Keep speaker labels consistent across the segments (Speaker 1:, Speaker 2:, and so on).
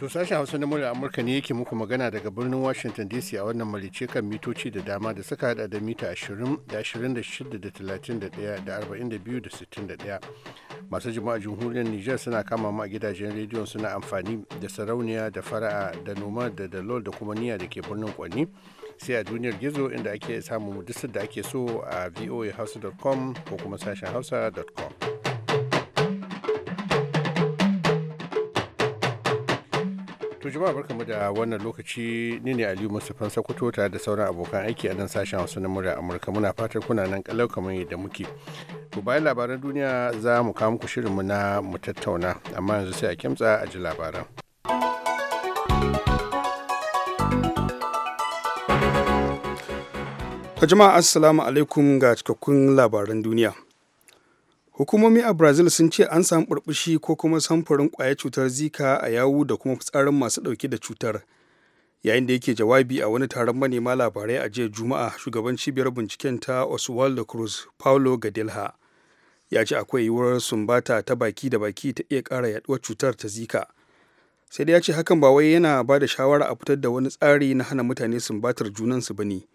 Speaker 1: To sashen Hausa na murya Amurka ne yake muku magana daga birnin Washington DC a wannan malice kan mitoci da dama da suka hada da mita 20 da 26 da 31 da 42 da 61. Masu jima'a jamhuriyar Nijar suna kama ma gidajen rediyon suna amfani da sarauniya da fara'a da noma da dalol da kuma niyya da ke birnin Kwanni. Sai a duniyar gizo inda ake samun duk da ake so a voahausa.com ko kuma sashen hausa.com. To jama'a mu da wannan lokaci ni ne Aliyu Mustapha Sokoto tare da sauran abokan aiki a nan sashen Hausa na murya Amurka muna fatar kuna nan kalau kamar yadda muke. To bayan labaran duniya za mu kawo muku mu na mu tattauna amma yanzu sai a kimtsa a ji labaran.
Speaker 2: jama'a assalamu alaikum ga cikakkun labaran duniya. Hukumomi a Brazil sun ce an samu burbushi ko kuma samfurin kwaya cutar Zika a yawu da kuma fitsarin masu ɗauke da cutar. Yayin da yake jawabi a wani taron manema labarai a jiya Juma'a, shugaban cibiyar binciken ta Oswaldo Cruz, Paulo Gadelha, ya ce akwai yiwuwar sumbata ta baki da baki ta iya ƙara yaduwar cutar ta Zika. Sai dai ya ce hakan ba wai yana ba da shawara a fitar da wani tsari na hana mutane sumbatar junansu ba ne.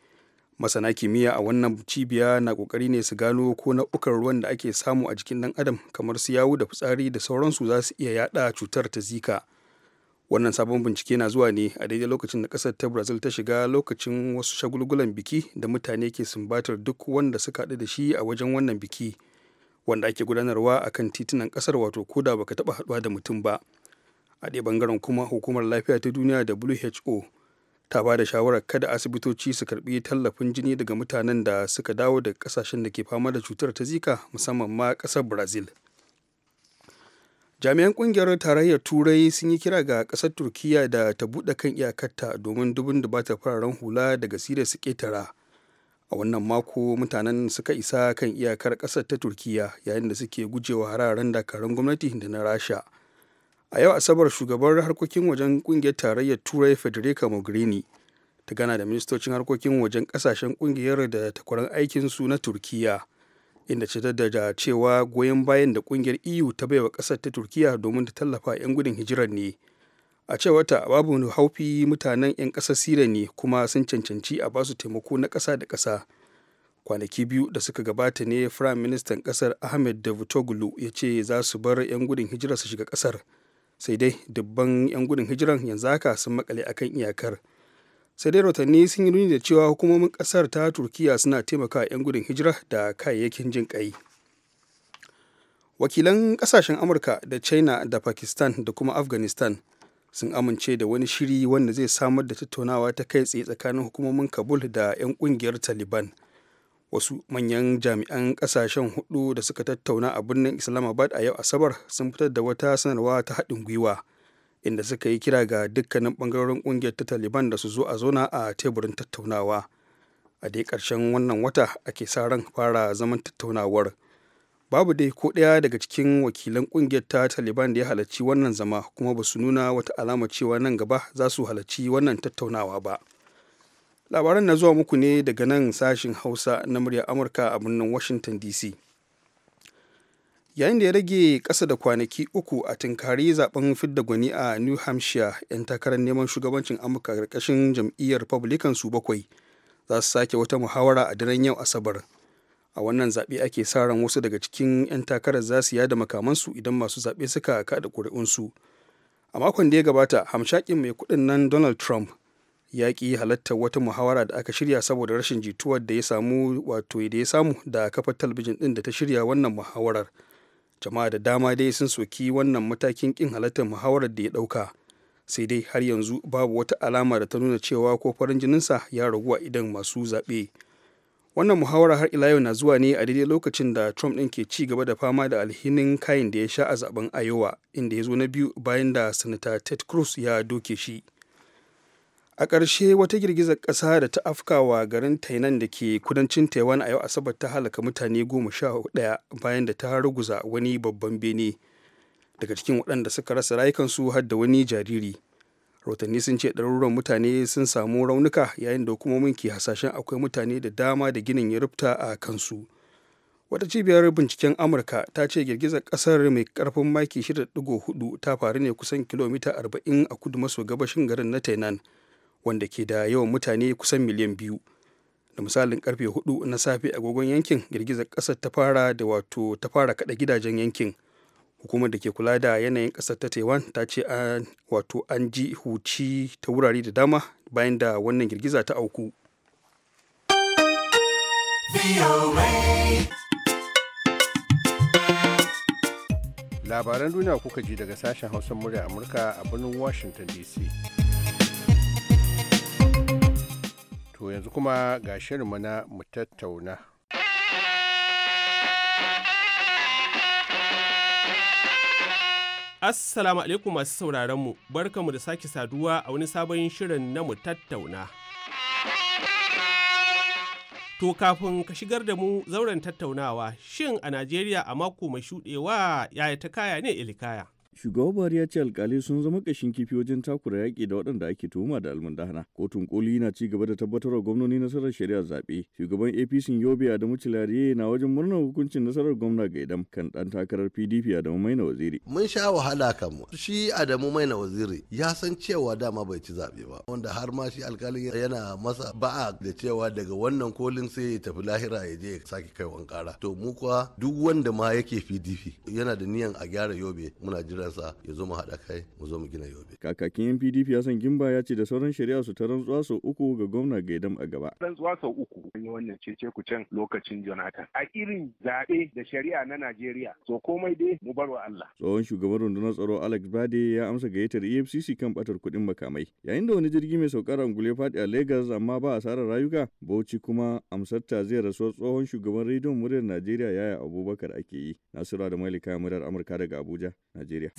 Speaker 2: masana kimiyya a wannan cibiya na kokari ne su gano ko nau'ukan ruwan da ake samu a jikin dan adam kamar su yawu da fitsari da sauransu za su iya yada cutar ta zika wannan sabon bincike na zuwa ne a daidai lokacin da kasar ta brazil ta shiga lokacin wasu shagulgulan biki da mutane ke sumbatar duk wanda suka haɗu da shi a wajen wannan biki wanda ake gudanarwa a kan titunan kasar wato koda baka taɓa haɗuwa da mutum ba a ɗaya bangaren kuma hukumar lafiya ta duniya who ta ba da shawarar kada asibitoci su karbi tallafin jini daga mutanen da suka dawo daga kasashen da ke fama da cutar ta zika musamman ma kasar brazil jami'an kungiyar tarayyar turai sun yi kira ga kasar turkiya da ta bude kan iyakarta domin dubin bata fararen hula daga sire su ketara a wannan mako mutanen suka isa kan iyakar kasar ta turkiya yayin da suke gujewa hararen dakarun gwamnati da na rasha a yau asabar shugabar harkokin wajen kungiyar tarayyar turai federica mogherini ta gana da ministocin harkokin wajen kasashen kungiyar da takwaran su na turkiya inda ce da cewa goyon bayan da kungiyar eu ta baiwa kasar ta turkiya domin ta tallafa 'yan gudun hijirar ne a ta babu haufi mutanen 'yan ƙasar sira ne kuma sun cancanci a basu taimako na kasa da kasa kwanaki biyu da suka gabata ne firayim ministan kasar ahmed davutoglu ya ce za su bar 'yan gudun hijira su shiga kasar. sai dai dubban 'yan gudun hijiran yanzu haka sun makale akan iyakar sai dai rahotanni sun yi nuni da cewa hukumomin kasar ta turkiya suna taimakawa 'yan gudun hijira da kayayyakin jin kai wakilan kasashen amurka da china da pakistan da kuma afghanistan sun amince da wani shiri wanda zai samar da tattaunawa ta kai tsaye tsakanin hukumomin kabul da 'yan kungiyar taliban wasu manyan jami'an kasashen hudu da suka tattauna a birnin islamabad a yau asabar sun fitar da wata sanarwa ta haɗin gwiwa inda suka yi kira ga dukkanin bangarorin ƙungiyar ta taliban da su zo a zona a teburin tattaunawa a dai ƙarshen wannan wata ake sa ran fara zaman tattaunawar babu dai ko ɗaya daga cikin wakilan ƙungiyar ta taliban da ya halarci wannan zama kuma ba su nuna wata alama cewa nan gaba za su halarci wannan tattaunawa ba labaran na zuwa muku ne daga nan sashin hausa na murya amurka a birnin washington dc yayin da ya rage ƙasa da kwanaki uku a tinkari zaben fidda gwani a new hampshire 'yan takarar neman shugabancin amurka ƙarƙashin jam'iyyar republican su bakwai za su sake wata muhawara a daren yau asabar a wannan zaɓe ake sa ran wasu daga cikin 'yan takarar za su yada makamansu idan masu zaɓe suka kaɗa ƙuri'unsu a makon da ya gabata hamshakin mai kuɗin nan donald trump ya ki halartar wata muhawara da aka shirya saboda rashin jituwar da ya samu wato da ya samu da kafa talabijin ɗin da ta shirya wannan muhawarar jama'a da dama dai sun soki wannan matakin kin halartar muhawarar da ya ɗauka sai dai har yanzu babu wata alama da ta nuna cewa ko farin jininsa ya ragu a idan masu zaɓe wannan muhawara har ila yau na zuwa ne a daidai lokacin da trump ɗin ke ci gaba da fama da alhinin kayan da ya sha a zaben iowa inda ya zo na biyu bayan da sanata ted cruz ya doke shi a ƙarshe wata girgizar ƙasa da ta afkawa garin tainan da ke kudancin taiwan a yau asabar ta halaka mutane goma sha ɗaya bayan da ta ruguza wani babban bene daga cikin waɗanda suka rasa rayukansu har da wani jariri rahotanni sun ce ɗaruruwan mutane sun samu raunuka yayin da hukumomin ke hasashen akwai mutane da dama da ginin ya rufta a kansu wata cibiyar binciken amurka ta ce girgizar ƙasar mai ƙarfin maki hudu ta faru ne kusan kilomita arba'in a kudu maso gabashin garin na tainan wanda ke da yawan mutane kusan miliyan biyu da misalin karfe hudu na safe agogon yankin girgizar kasar ta fara da wato ta fara kada gidajen yankin hukumar da ke kula da yanayin kasar ta taiwan ta ce an wato an ji huci ta wurare da dama bayan da wannan girgiza ta auku
Speaker 1: labaran duniya kuka ji daga sashen hausa murya amurka a birnin washington dc to yanzu kuma ga shirinmu na mu tattauna
Speaker 3: Assalamu alaikum masu sauraron mu, barkamu da sake saduwa a wani sabon shirin na mu tattauna. To kafin ka shigar da mu zauren tattaunawa, shin a Najeriya a mako mai shuɗewa yaya ta kaya ne ilikaya? Shugaba
Speaker 4: Buhari ya ce alkalai sun zama kashin kifi wajen takura yaƙi da waɗanda ake tuhuma da almundahana. Kotun koli na ci gaba da tabbatarwa gwamnoni nasarar shari'a zaɓe. Shugaban APC Yobe Adamu Cilariye na wajen murnar hukuncin nasarar gwamna ga idam kan ɗan takarar PDP Adamu Maina Waziri. Mun sha wahala kan mu. Shi Adamu Maina Waziri ya san cewa dama bai ci zaɓe
Speaker 5: ba. Wanda har ma shi alkalin yana masa ba'a da cewa daga wannan kolin sai ya tafi lahira ya je ya sake kai wankara. To mu kuwa duk wanda ma yake PDP yana da niyan a gyara Yobe muna jira kiransa ya zo mu haɗa kai mu zo mu gina yobe.
Speaker 4: Kakakin yan PDP Hassan Gimba ya ce da sauran shari'a su ta rantsuwa sau uku ga gwamna Gaidam a gaba.
Speaker 6: Rantsuwa sau uku an yi wannan cece ku can lokacin Jonathan. A irin zaɓe da shari'a na Najeriya so komai dai mu bar wa Allah.
Speaker 4: Tsohon shugaban rundunar tsaro Alex Bade ya amsa gayyatar EFCC kan batar kuɗin makamai. Yayin da wani jirgi mai saukar angule faɗi a Lagos amma ba asarar rayuka, Bauchi kuma amsarta zai rasuwar tsohon shugaban rediyon muryar Najeriya Yaya Abubakar ake yi. Nasura da Malika murar Amurka daga Abuja. Najeriya.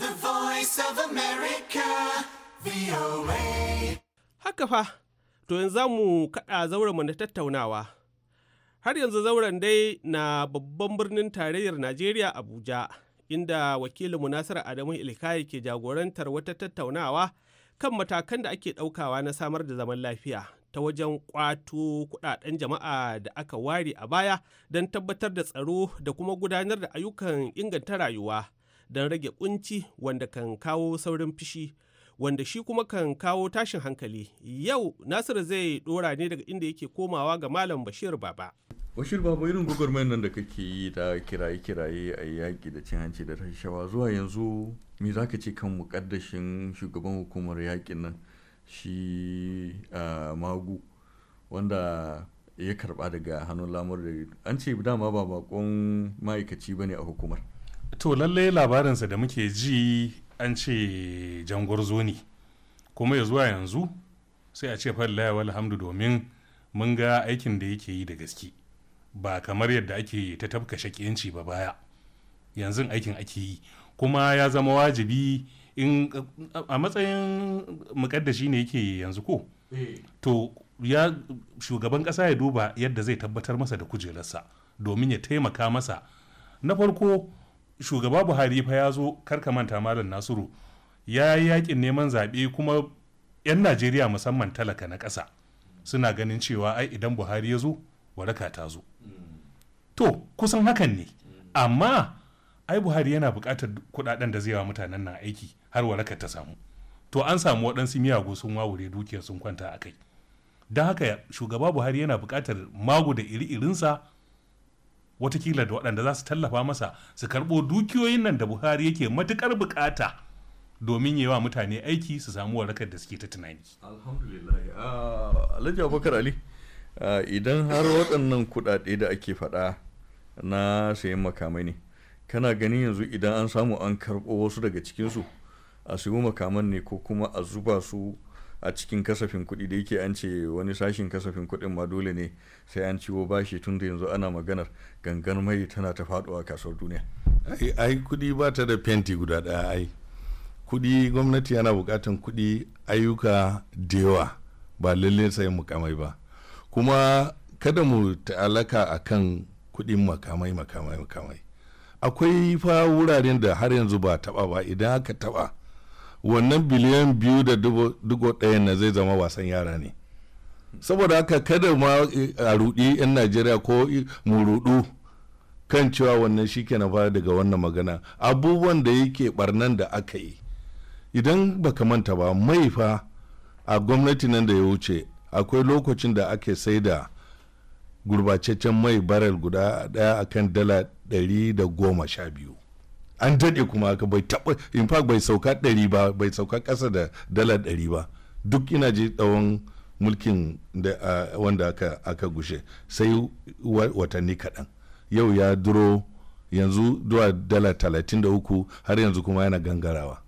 Speaker 3: Haka fa, to yanzu za mu kaɗa zauren mu na tattaunawa. Har yanzu zauren dai na babban birnin tarayyar Najeriya Abuja, inda wakilin Nasiru Adamu Ilkaya ke jagorantar wata tattaunawa kan matakan da ake ɗaukawa na samar da zaman lafiya ta wajen ƙwato kuɗaɗen jama'a da aka ware a baya don tabbatar da tsaro da kuma gudanar da ayyukan inganta rayuwa. don rage kunci wanda kan kawo saurin fishi wanda shi kuma kan kawo tashin hankali yau nasiru zai dora ne daga inda yake komawa ga malam bashir baba
Speaker 4: bashir baba irin gwagwarmayar nan da kake yi ta kiraye kiraye a yaƙi da cin hanci da rashawa zuwa yanzu me za ka ce kan muƙaddashin shugaban hukumar yaƙin nan shi magu wanda ya karba daga hannun lamar da an ce dama ba bakon ma'aikaci bane a hukumar
Speaker 7: to lalle labarinsa da muke ji an ce jangwarzo ne kuma ya zuwa yanzu sai a ce fallaya Hamdu domin mun ga aikin da yake yi da gaske ba kamar yadda ake ta tafka shakiyanci ba baya yanzu aikin ake yi kuma ya zama wajibi in a matsayin mukaddashi ne yake yanzu ko eh. to ya shugaban kasa ya duba yadda zai tabbatar masa da kujerarsa domin ya taimaka masa na farko shugaba buhari fa ya zo karka manta malam nasiru ya yi yakin neman zaɓe kuma 'yan najeriya musamman talaka na ƙasa suna ganin cewa ai idan buhari ya zo waraka ta zo to kusan hakan ne amma ai buhari yana buƙatar kuɗaɗen da zai wa mutanen na aiki har waraka ta samu to an samu waɗansu miyagu sun wawure dukiyar sun kwanta a kai don haka shugaba buhari yana buƙatar magu da iri-irinsa watakila da waɗanda za su tallafa masa su karɓo dukiyoyin nan da buhari yake matuƙar buƙata domin yi wa mutane aiki su samu warakar da suke ta tunani
Speaker 4: alhamdulillah ah, alhaji ali ah, idan har waɗannan kuɗaɗe da ake faɗa na sayan makamai ne kana ganin yanzu idan an samu an karɓo wasu daga cikinsu a siyo makaman ne ko kuma a zuba su a cikin kasafin kuɗi da yake an ce wani sashin kasafin kuɗin ma dole ne sai an ciwo bashi tun da yanzu ana maganar gangan mai tana ta faɗuwa kasuwar duniya ai kuɗi ba ta da fenti guda ɗaya ai
Speaker 5: kuɗi gwamnati yana buƙatar kuɗi ayyuka da yawa ba lalle sai mukamai ba kuma kada mu ta'alaka a kan kuɗin makamai makamai makamai akwai fa wuraren da har yanzu ba taɓa ba idan aka taɓa wannan biliyan biyu da dubu ɗaya na zai zama wasan yara ne saboda haka kada ma eh, a rudi 'yan najeriya ko eh, mu rudu kan cewa wannan shi ke na fara daga wannan magana abubuwan da yake barnan da aka yi idan baka manta ba mai fa a gwamnati nan da ya wuce akwai lokacin da ake sai da gurbacecen mai baral guda daya akan dala ɗari da goma sha biyu. an daɗe kuma haka bai taɓa in fact bai sauka ɗari ba bai sauka ƙasa da dala ɗari ba duk ina ji tsawon mulkin da wanda aka, aka gushe sai watanni kaɗan yau ya duro yanzu zuwa dala talatin da uku har yanzu kuma yana gangarawa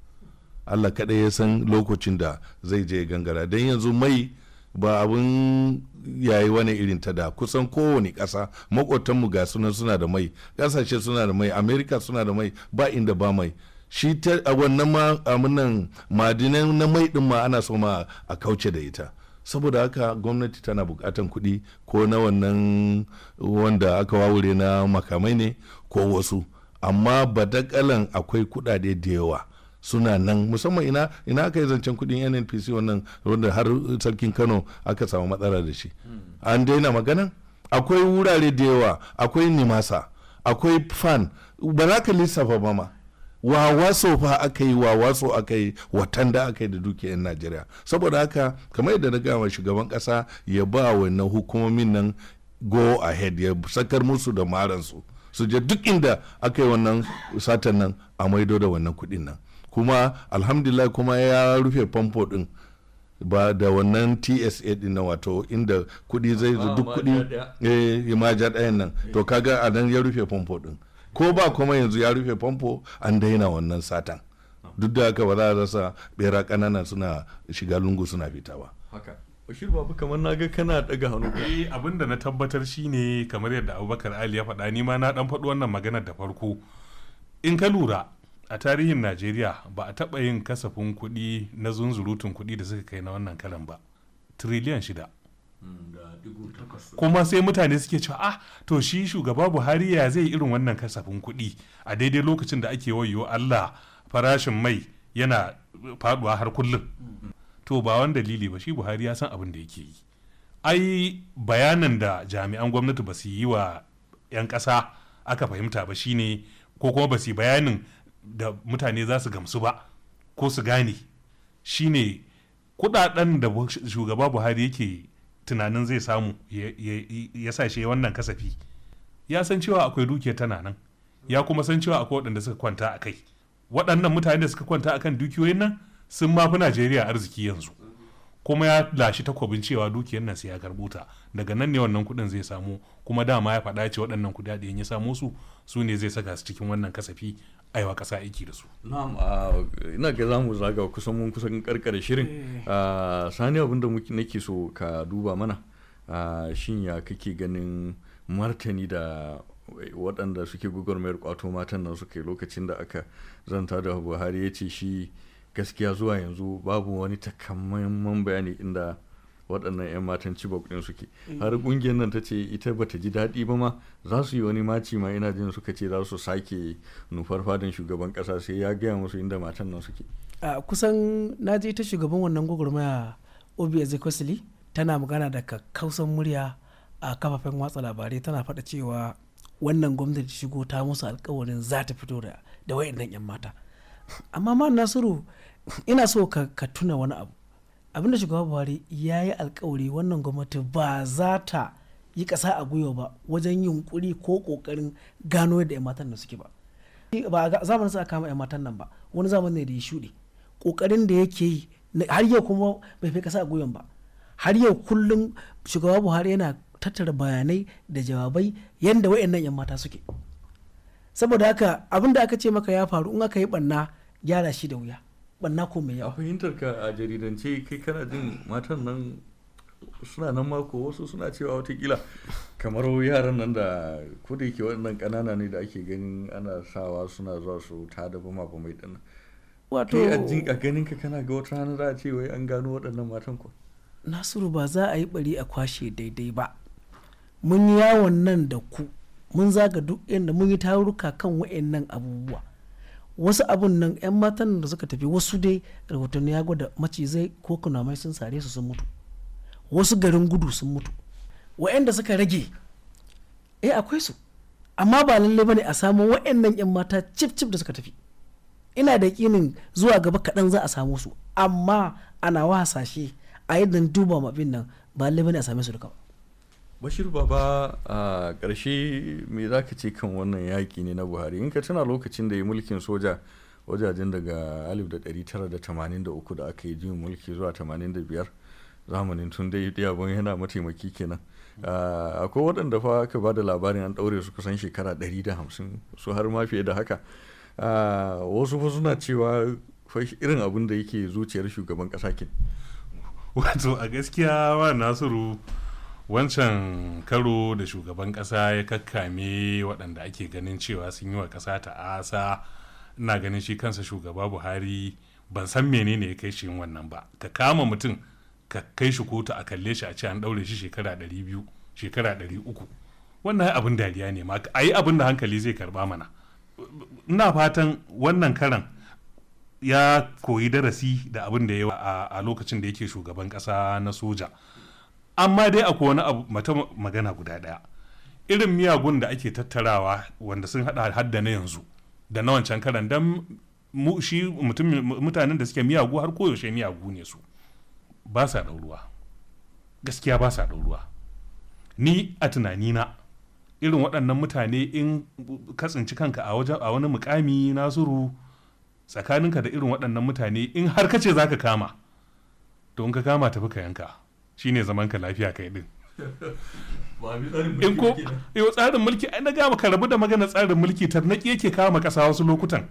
Speaker 5: allah kaɗai ya san lokacin da zai je gangara don yanzu mai ba abun yayi wani irin ta da kusan kowane ƙasa makotanmu ga sunan suna da mai ƙasashe suna da mai amerika suna da mai ba inda ba mai shi ta a wannan ma ma'amunan madinan na mai din ma ana so ma a kauce da ita saboda haka gwamnati tana bukatan kuɗi ko na wannan wanda aka wawure na makamai ne ko wasu amma badakalan akwai kuɗaɗe da yawa suna nan musamman ina ina aka yi zancen kudin nnpc wannan wanda har sarkin kano aka samu matsala da shi hmm. an daina magana akwai wurare da yawa akwai nimasa akwai fan ba za ka lissafa ba ma wawaso fa aka yi wawaso aka yi watan da aka yi da dukiyar najeriya saboda haka kamar yadda na gama shugaban kasa ya ba wannan hukumomin nan go ahead ya sakar musu da maransu su je duk inda aka yi wannan satan nan a maido da wannan kudin nan kuma alhamdulillah kuma ya rufe famfo din ba da wannan tsa din na wato inda kudi zai zo ah, duk kudi eh imaja ɗayan nan eh. to kaga a nan ya rufe famfo din ko ba kuma yanzu ya rufe famfo an daina wannan satan ah. duk da haka ba za a rasa bera ƙanana suna shiga lungu suna fita ba
Speaker 4: haka bashir babu kamar
Speaker 7: na ga kana daga hannu eh abinda na tabbatar shine kamar yadda abubakar ali ya faɗa ni ma na dan faɗi wannan maganar da farko in ka lura a tarihin najeriya ba a taɓa yin kasafin kuɗi na zunzurutun kuɗi da suka kai na wannan kalan ba triliyan shida kuma sai mutane suke cewa ah to shi shugaba buhari ya zai irin wannan kasafin kuɗi a daidai lokacin da ake wayo allah farashin mai yana faduwa har kullum to ba wani dalili ba shi buhari ya san abin da yake yi ai bayanan da jami'an gwamnati ba su yi wa 'yan ƙasa aka fahimta ba shine ko kuma ba su bayanin da mutane za su gamsu ba ko su gane shine kudaden da shugaba buhari yake tunanin zai samu ya sa shi wannan kasafi ya san cewa akwai dukiya tana nan ya kuma san cewa akwai waɗanda suka kwanta a kai waɗannan mutane da suka kwanta a kan dukiyoyin nan sun mafi najeriya arziki yanzu kuma ya lashi takwabin cewa dukiyar nan sai ya karbuta daga nan ne wannan kuɗin zai samu kuma dama ya faɗa ce waɗannan kuɗaɗe ya samo su su ne zai saka su cikin wannan kasafi aiwa kasa aiki da su. Na'am
Speaker 4: ina ga zamu zaga kusan mun kusan karkare shirin. Eh. Sani abin da nake so ka duba mana shin ya kake ganin martani da waɗanda suke gugurmayar kwato matan nan suka yi lokacin da aka zanta da Buhari ya ce shi gaskiya zuwa yanzu babu wani takamaiman bayani inda waɗannan 'yan matan cibok ɗin suke mm. har ƙungiyar nan ta ce ita bata ji daɗi ba ma za su yi wani maci ma ina jin suka ce za su sake nufar fadin shugaban ƙasa sai ya gaya musu inda matan nan suke
Speaker 8: a kusan na je ta shugaban wannan gwagwarmaya obi ezekwesili tana magana da kakkausan murya a kafafen watsa labarai tana faɗa cewa wannan gwamnati shigo ta musu alkawarin za ta fito da wayannan 'yan mata amma ma nasiru ina so ka tuna wani abu abinda shugaba buhari ya yi alkawari wannan gwamnati ba za ta yi ƙasa a gwiwa ba wajen yunkuri ko ƙoƙarin gano yadda 'yan matan nan suke ba ba zamanin sa kama 'yan matan nan ba wani zamani ne da ya shuɗe ƙoƙarin da yake yi har yau kuma bai fi kasa a gwiwan ba har yau kullum shugaba buhari yana tattara bayanai da jawabai yadda wayannan 'yan mata suke saboda haka abin da aka ce maka ya faru in aka yi ɓanna gyara shi da wuya
Speaker 4: banna ko mai yawa a fahimtar ka a jaridance kai kana jin matan nan suna nan mako wasu suna cewa watakila kamar yaran nan da kuda yake waɗannan ƙanana ne da ake ganin ana sawa suna zuwa su ta da bama ba mai ɗana wato a jin a ganin ka kana ga wata rana za a ce wai an gano waɗannan matan ko
Speaker 8: nasiru ba za a yi bari a kwashe daidai ba mun yawon nan da ku mun zaga duk inda mun yi taruka kan wa'annan abubuwa wasu abun nan 'yan matan da suka tafi wasu dai rahoton ya gwada macizai ko kunamai sun sare su sun mutu wasu garin gudu sun mutu wa'anda suka rage eh akwai su amma ba lalle bane a samu wa'annan 'yan mata cif cif da suka tafi ina da yakinin zuwa gaba kaɗan za a samu su amma ana wa hasashe a yadda duba mabin nan ba lalle bane a same su duka ba
Speaker 4: bashir baba a ƙarshe me za ka ce kan wannan yaƙi ne na buhari in ka tuna lokacin da ya mulkin soja wajajen daga 1983 da aka yi jin mulki zuwa 85 zamanin tun dai yabon yana mataimaki kenan akwai waɗanda fa aka ba da labarin an ɗaure su kusan shekara 150 su har ma fiye da haka wasu fa suna cewa irin abin da yake zuciyar shugaban ƙasa ke wato a gaskiya wa nasiru
Speaker 7: wancan karo da shugaban kasa ya kakkame waɗanda ake ganin cewa sun yi wa kasa asa ina ganin shi kansa shugaba buhari ban san menene ya kai shi yin wannan ba ka kama mutum ka kai shi kotu a kalle shi a ce an ɗaure shi shekara ɗari biyu shekara ɗari uku wannan abin dariya ne ma a yi abin da hankali zai karba mana ina fatan wannan karan ya koyi darasi da abin da ya a lokacin da yake shugaban ƙasa na soja amma dai akwai wani abu mata magana guda daya irin miyagun da ake tattarawa wanda sun hada har da na yanzu da na wancan karan dan mu shi mutanen da suke miyagu har koyaushe miyagu ne su ba sa ɗauruwa gaskiya ba sa ɗauruwa ni a tunanina irin waɗannan mutane in katsinci kanka a wani mukami nasiru tsakaninka da irin waɗannan mutane in har kace zaka kama to in ka kama tafi ka yanka shine zaman ka lafiya kai din in ko yau tsarin mulki ai na gama ka rabu da magana tsarin mulki ke yake kama kasa wasu lokutan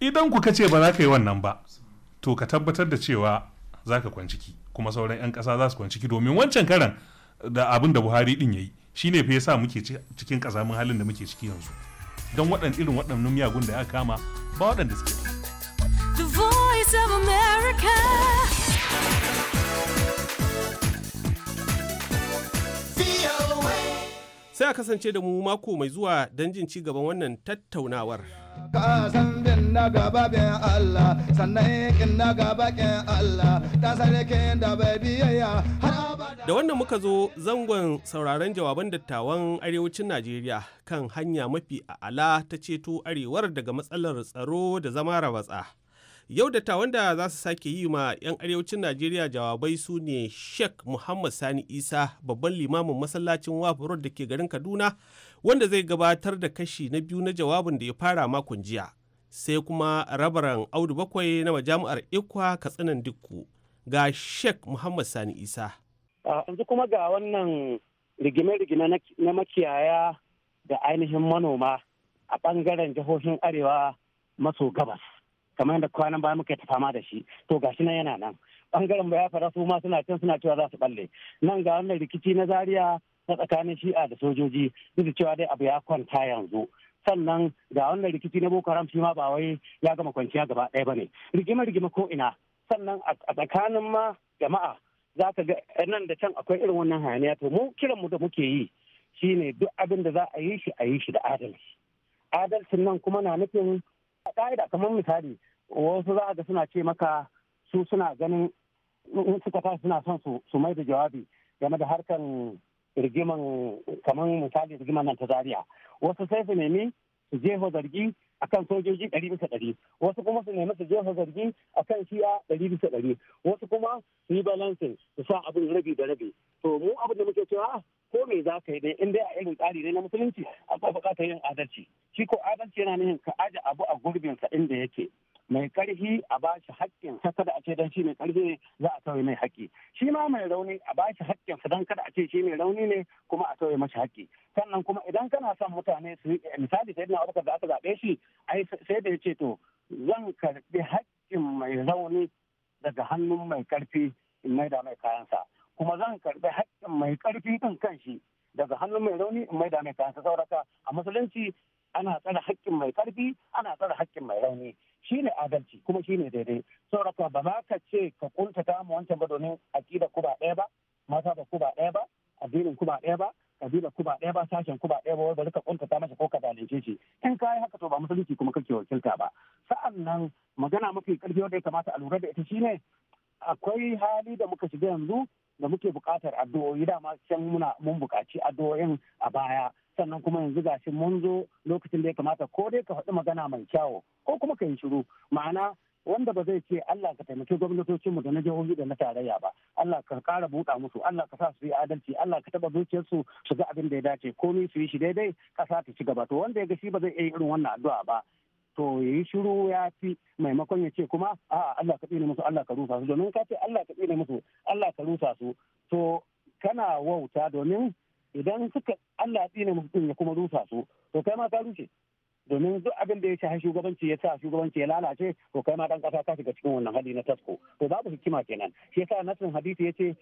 Speaker 7: idan ku ce ba za ka yi wannan ba to ka tabbatar da cewa za ka kwanciki kuma sauran 'yan kasa za su kwanciki domin wancan karan da abin da buhari din ya yi shine fa yasa muke cikin kazamin halin da muke ciki yanzu don waɗanda irin waɗannan miyagun da aka kama ba waɗanda suke
Speaker 5: The Voice of
Speaker 6: America
Speaker 3: sai a kasance da mu mako mai zuwa don jin ci gaban wannan tattaunawar. Da wannan muka zo zangon sauraron jawaban dattawan arewacin Najeriya kan hanya mafi a'ala ta ceto arewar daga matsalar tsaro da zama rabatsa. Yau da ta wanda za su sake yi ma 'yan arewacin Najeriya jawabai su ne Sheikh Muhammad Sani Isa babban limamin masallacin Wafurod da ke garin Kaduna wanda zai gabatar da kashi na biyu na jawabin da ya fara makon jiya. Sai kuma rabaran Audu bakwai na majami'ar Ikwa Katsinan dukku ga Sheikh Muhammad Sani Isa.
Speaker 9: Yanzu kuma ga wannan rigime-rigime na makiyaya da ainihin manoma a ɓangaren jihohin Arewa maso gabas. kamar yadda kwanan baya muke ta fama da shi to gashi nan yana nan bangaren baya fara su ma suna can suna cewa za su balle nan ga wannan rikici na zariya na tsakanin shi'a da sojoji duk da cewa dai abu ya kwanta yanzu sannan ga wannan rikici na boko haram shi ma ba wai ya gama kwanciya gaba ɗaya ba ne rigima rigima ko ina sannan a tsakanin ma jama'a za ka ga nan da can akwai irin wannan hayaniya to mu kiran mu da muke yi shine duk abin da za a yi shi a yi shi da adalci adalcin nan kuma na nufin a ka'ida kamar misali wasu za ga suna ce maka su suna ganin in suka tashi suna son su mai da jawabi game da harkar rigiman kamar misali rigiman nan ta zariya wasu sai su nemi su jefa zargi akan sojoji ɗari bisa ɗari wasu kuma su nemi su jefa zargi akan shiya ɗari bisa ɗari wasu kuma su yi balancing su sa abin rabi da rabi to mu abin da muke cewa ko me za ka yi dai in dai a irin tsari ne na musulunci akwai buƙatar yin adalci shi ko adalci yana nufin ka aje abu a gurbin sa inda yake mai karfi a bashi haƙƙin haƙƙin kada a ce don shi mai karfi ne za a sauye mai haƙƙi shi ma mai rauni a bashi haƙƙin sa don kada a ce shi mai rauni ne kuma a sauye mashi haƙƙi sannan kuma idan kana son mutane su misali sai abubakar da ka zaɓe shi ai sai da ya ce to zan karɓi haƙƙin mai rauni daga hannun mai karfi in maida mai kayansa kuma zan karɓi haƙƙin mai ƙarfi kan kanshi daga hannun mai rauni mai da mai kansa sauraka a musulunci ana tsare haƙƙin mai ƙarfi ana tsare haƙƙin mai rauni shine adalci kuma shine daidai sauraka ba za ka ce ka ƙuntata mu wancan ba domin aƙida ku ba ɗaya ba mata ba ku ba ɗaya ba addinin ku ba ɗaya ba kabila ku ba ɗaya ba sashen ku ba ɗaya ba bari ka kuntata masa ko ka zalunce shi in ka yi haka to ba musulunci kuma kake wakilta ba sa'an nan magana mafi ƙarfi wanda ya kamata a lura da ita shine akwai hali da muka shiga yanzu da muke buƙatar addu'o'i dama can muna mun buƙaci addu'o'in a baya sannan kuma yanzu ga shi mun zo lokacin da ya kamata ko dai ka faɗi magana mai kyawo ko kuma ka yi shiru ma'ana wanda ba zai ce Allah ka taimaki gwamnatocinmu da na jihohi da na tarayya ba Allah ka kara buɗa musu Allah ka sa su yi adalci Allah ka taɓa zuciyarsu su ga abin da ya dace komai su yi shi daidai ƙasa ta ci gaba to wanda ya ga shi ba zai iya irin wannan addu'a ba to yi shiru ya fi maimakon ya ce kuma a Allah ka tsine musu Allah ka rusa su domin ka ce Allah ka tsine musu Allah ka rusa su to kana wauta domin idan suka Allah tsine musu ya kuma rusa su to kai ma ka rushe domin duk abin da ya shafi shugabanci ya sa shugabanci ya lalace to kai ma dan kasa ka shiga cikin wannan hali na tasko to babu hikima kenan shi yasa nasin hadisi yace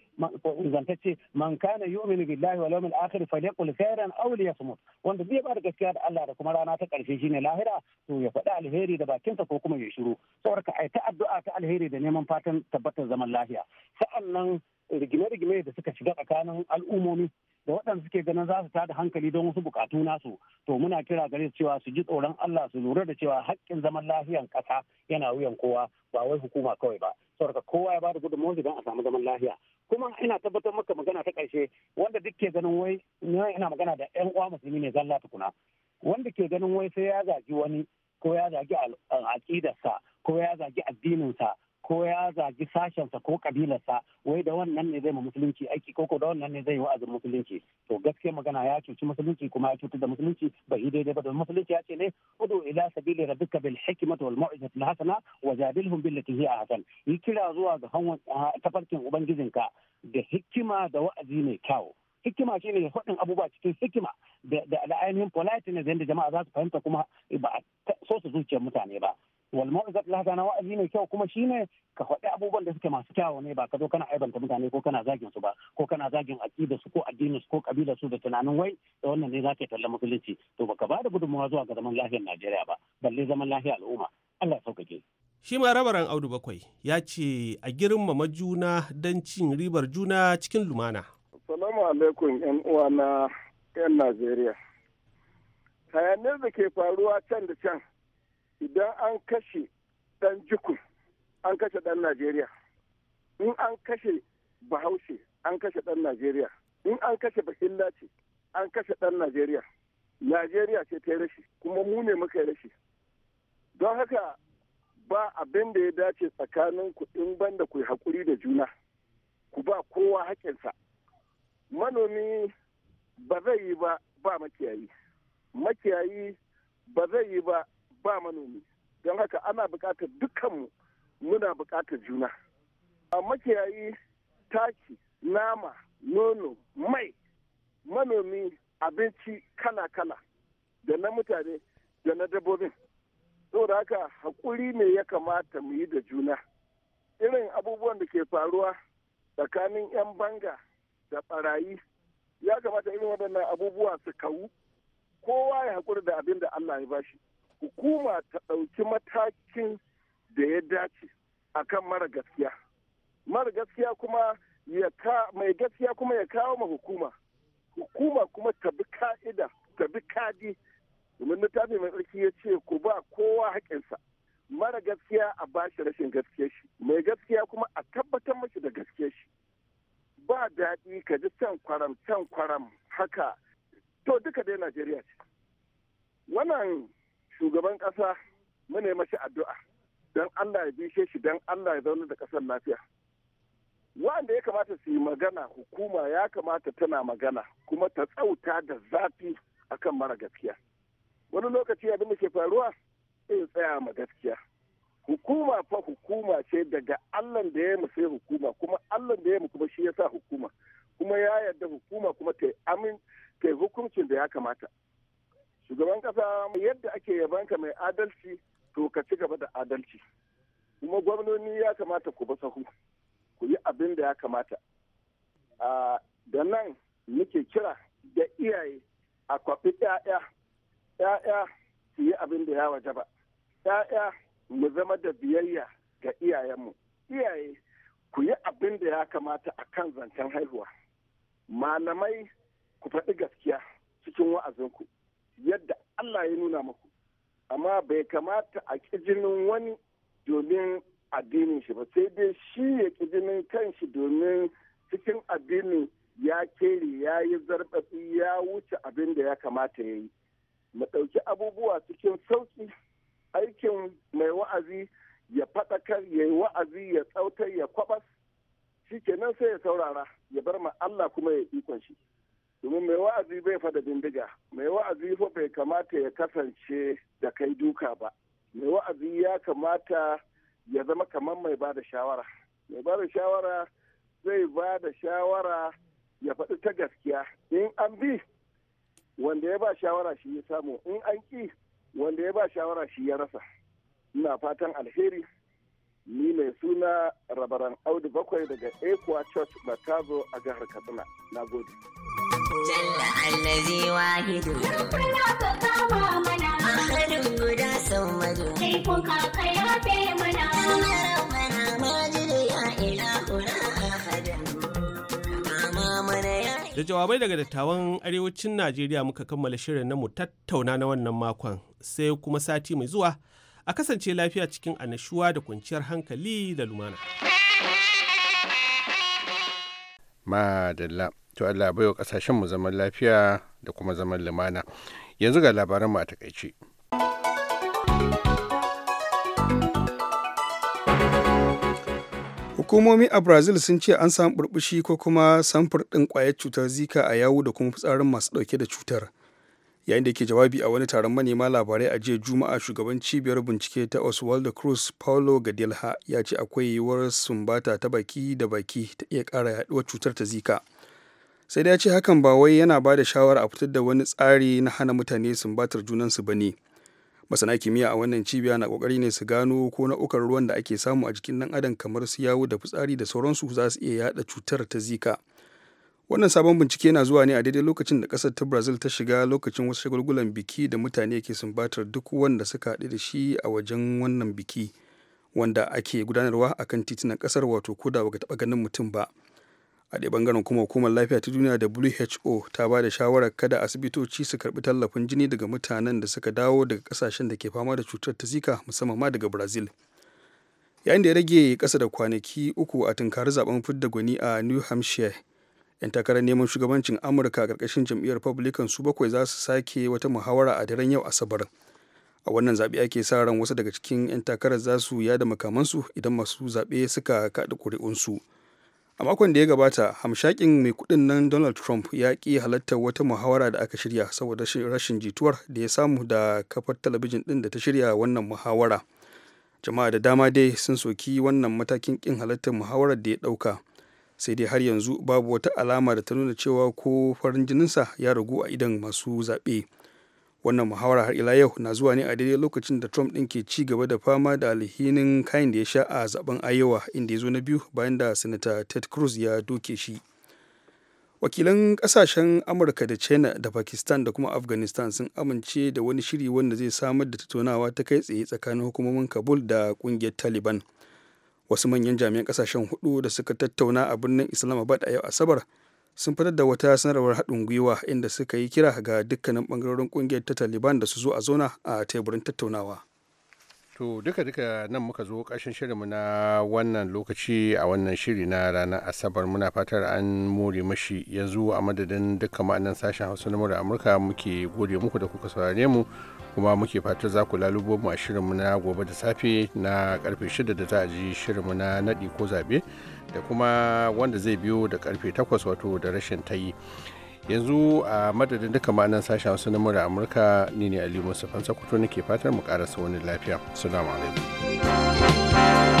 Speaker 9: zantacce man kana yu'minu billahi wal yawmil akhir falyaqul khairan aw liyasmut wanda bai ba da gaskiya da Allah da kuma rana ta karshe shine lahira to ya faɗi alheri da bakinsa ko kuma ya shiru saboda ka aita addu'a ta alheri da neman fatan tabbatar zaman lafiya sa'annan rigime-rigime da suka shiga tsakanin al'ummomi da waɗanda suke ganin za su tada hankali don wasu bukatu nasu to muna kira gare su cewa su ji tsoron Allah su lura da cewa haƙƙin zaman lafiyan ƙasa yana wuyan kowa ba wai hukuma kawai ba saboda kowa ya bada gudunmawar don a samu zaman lafiya kuma ina tabbatar maka magana ta ƙarshe wanda duk ke ganin wai ina magana da ƴan uwa musulmi ne zalla tukuna wanda ke ganin wai sai ya zagi wani ko ya zagi aƙidarsa ko ya zagi addininsa ko ya zagi sashensa ko kabilarsa wai da wannan ne zai ma musulunci aiki ko da wannan ne zai yi wa'azin musulunci to gaskiya magana ya cuci musulunci kuma ya cutar da musulunci bai yi daidai ba don musulunci ya ce ne hudu ila sabili rabbika bil hikmati wal mau'izati al hasana wa jadilhum billati hiya ahsan yi kira zuwa ga hanwan tafarkin ubangijinka da hikima da wa'azi mai kyau hikima shine faɗin abubuwa cikin hikima da ainihin politeness yadda jama'a za su fahimta kuma ba a so su zuciyar mutane ba wal mawizat laha na wa'azi ne kyau kuma shine ka faɗi abubuwan da suke masu kyawu ne ba ka zo kana aibanta mutane ko kana zagin su ba ko kana zagin aqida su ko addinin su ko kabila su da tunanin wai da wannan ne zaka talla musulunci to baka ba da gudunmawa zuwa ga zaman lafiyar Najeriya ba balle zaman lafiyar al'umma Allah ya sauƙaƙe
Speaker 3: shi ma rabaran Audu bakwai ya ce a girmama juna don cin ribar juna cikin lumana
Speaker 9: Assalamu
Speaker 6: alaikum ƴan uwa na ƴan Najeriya hayaniyar da ke faruwa can da can idan an kashe ɗan jikun an kashe ɗan najeriya in an kashe bahaushe an kashe ɗan najeriya in an kashe bahilla ce an kashe ɗan najeriya najeriya ce ta rashi kuma mu ne muka rashi don haka ba abin da ya dace tsakanin ku in banda ku haƙuri da juna ku ba kowa haƙinsa manomi ba zai yi ba ba makiyayi makiyayi ba zai yi ba ba manomi don haka ana buƙatar dukkanmu muna buƙatar juna a makiyayi taki nama nono mai manomi abinci kala-kala da na mutane da na dabbobin saboda haka haƙuri ne ya kamata mu yi da juna irin abubuwan da ke faruwa tsakanin 'yan banga da ɓarayi, ya kamata irin waɗannan abubuwa su kawu kowa ya haƙuri da abin da Allah ya bashi hukuma ta ɗauki matakin da ya dace akan mara gaskiya mara gaskiya kuma ya ka mai gaskiya kuma ya kawo ma hukuma hukuma kuma ta bi ka'ida ta bi kadi domin littafi mai tsarki ya ce ku ba kowa haƙinsa mara gaskiya a bashi rashin gaskiya shi mai gaskiya kuma a tabbatar mashi da gaskiya shi ba daɗi ka ji can kwaram can kwaram haka to duka dai najeriya ce wannan shugaban ƙasa mune mashi addu'a don Allah ya bishe shi don Allah ya zauna da kasar lafiya. Wanda ya kamata su yi magana hukuma ya kamata tana magana kuma ta tsauta da zafi akan mara gaskiya. Wani lokaci abin da ke faruwa sai tsaya ma gaskiya. Hukuma fa hukuma ce daga Allah da ya sai hukuma kuma Allah da ya mu kuma shi ya sa hukuma kuma ya yarda hukuma kuma ta amin ta hukuncin da ya kamata. shugaban kasa yadda ake yabanka mai adalci to ka ci gaba da adalci kuma gwamnoni ya kamata ku sahu ku yi abin da ya kamata da nan muke kira da iyaye a kwafi 'ya'ya 'ya'ya su yi abin da ya wajaba 'ya'ya mu zama da biyayya ga iyayenmu iyaye ku yi abin da ya kamata a kan zancen haihuwa malamai ku faɗi gaskiya cikin wa'azinku yadda Allah ya nuna maku amma bai kamata a kijinin wani domin addinin shi ba sai dai shi ya kijinin kanshi domin cikin addinin ya keri ya yi zarbafi ya wuce abin da ya kamata ya yi mu ɗauki abubuwa cikin sauƙi aikin mai wa'azi ya faɗakar ya yi wa'azi ya tsautar ya kwabas shi kenan sai ya saurara ya bar ma Allah kuma ya ikon shi domin mai wa'azi bai fa da bindiga mai wa'azi fa bai kamata ya kasance da kai duka ba mai wa'azi ya kamata ya zama kamar mai ba da shawara mai ba da shawara zai ba da shawara ya faɗi ta gaskiya in an bi wanda ya ba shawara shi ya samu in an ƙi wanda ya ba shawara shi ya rasa ina fatan alheri ni mai suna rabaran audu bakwai daga ekwa church batazo a jihar katsina na gode
Speaker 9: Jalla allazi wahidu. Ya ka kama mana. Ahadun guda sau madu. Kai ka yafe mana.
Speaker 3: Rabbana
Speaker 2: majidu ya ilahuna ahadan. ya
Speaker 3: Da jawabai daga dattawan arewacin Najeriya muka kammala shirin na mu tattauna na wannan makon sai kuma sati mai zuwa a kasance lafiya cikin anashuwa da kwanciyar hankali da lumana.
Speaker 1: Madalla. to Allah kasashen mu zaman lafiya da kuma zaman lumana yanzu ga labaran mu a takaice
Speaker 2: hukumomi a brazil sun ce an samu burbushi ko kuma samfur ɗin kwayar cutar zika a yawu da kuma fitsarin masu ɗauke da cutar yayin da ke jawabi a wani taron manema labarai a jiya juma'a shugaban cibiyar bincike ta oswaldo cruz paulo gadelha ya ce akwai yiwuwar sumbata ta baki da baki ta iya ƙara yaduwar cutar ta zika sai dai ya ce hakan ba wai yana ba da shawara a fitar da wani tsari na hana mutane sumbatar junansu ba ne masana kimiyya a wannan cibiya na kokari ne su gano ko na'ukan ruwan da ake samu a jikin dan adam kamar su yawo da fitsari da sauransu za su iya yada cutar ta zika wannan sabon bincike na zuwa ne a daidai lokacin da kasar ta brazil ta shiga lokacin wasu shagulgulan biki da mutane ke sumbatar duk wanda suka haɗu da shi a wajen wannan biki wanda ake gudanarwa akan titunan kasar wato ko da baka taɓa ganin mutum ba a ɗaya bangaren kuma hukumar lafiya ta duniya who ta ba da shawarar kada asibitoci su karɓi tallafin jini daga mutanen da suka dawo daga kasashen da ke fama da cutar ta zika musamman ma daga brazil yayin da ya rage kasa da kwanaki uku a tunkari zaben fidda gwani a new hampshire 'yan takarar neman shugabancin amurka a ƙarƙashin jam'iyyar republican su bakwai za su sake wata muhawara a daren yau asabar a wannan zaɓe ake sa ran wasu daga cikin 'yan takarar za su yada makamansu idan masu zaɓe suka kaɗa ƙuri'unsu. su a makon da ya gabata hamshakin mai kudin nan donald trump ya ki halartar wata muhawara da aka shirya saboda rashin jituwar da ya samu da kafar talabijin din da ta shirya wannan muhawara jama'a da dama dai sun soki wannan matakin kin halartar muhawarar da ya dauka sai dai har yanzu babu wata alama da ta nuna cewa ko farin jininsa ya ragu a idan masu zaɓe wannan muhawara har ila yau na zuwa ne a daidai lokacin da trump ɗin ke ci gaba da fama da alhinin kayan da ya sha a zaben ayewa inda ya zo na biyu bayan da sanata ted cruz ya doke shi wakilan kasashen amurka da china da pakistan da kuma afghanistan sun amince da wani shiri wanda zai samar da tattaunawa ta kai tsaye tsakanin hukumomin kabul da kungiyar taliban wasu manyan jami'an kasashen hudu da suka tattauna a birnin islamabad a yau asabar sun fitar da wata sanarwar haɗin gwiwa inda suka yi kira ga dukkanin ɓangarorin ƙungiyar ta taliban da su zo a zauna a teburin tattaunawa
Speaker 1: to duka duka nan muka zo ƙarshen shirinmu na wannan lokaci a wannan shiri na ranar asabar muna fatar an more mashi yanzu a madadin dukkan ma'anan sashen hausa na mura amurka muke gode muku da kuka saurare mu kuma muke fatar za ku lalubo mu a shirinmu na gobe da safe na karfe shida da za a ji mu na naɗi ko zaɓe da kuma wanda zai biyo da karfe 8 wato da rashin ta yi yanzu a madadin duka ma'anan sashen wasu na mura amurka ni ne aliyu musa fansa kuto nake fatar mu karasa wani lafiya salamu alaikum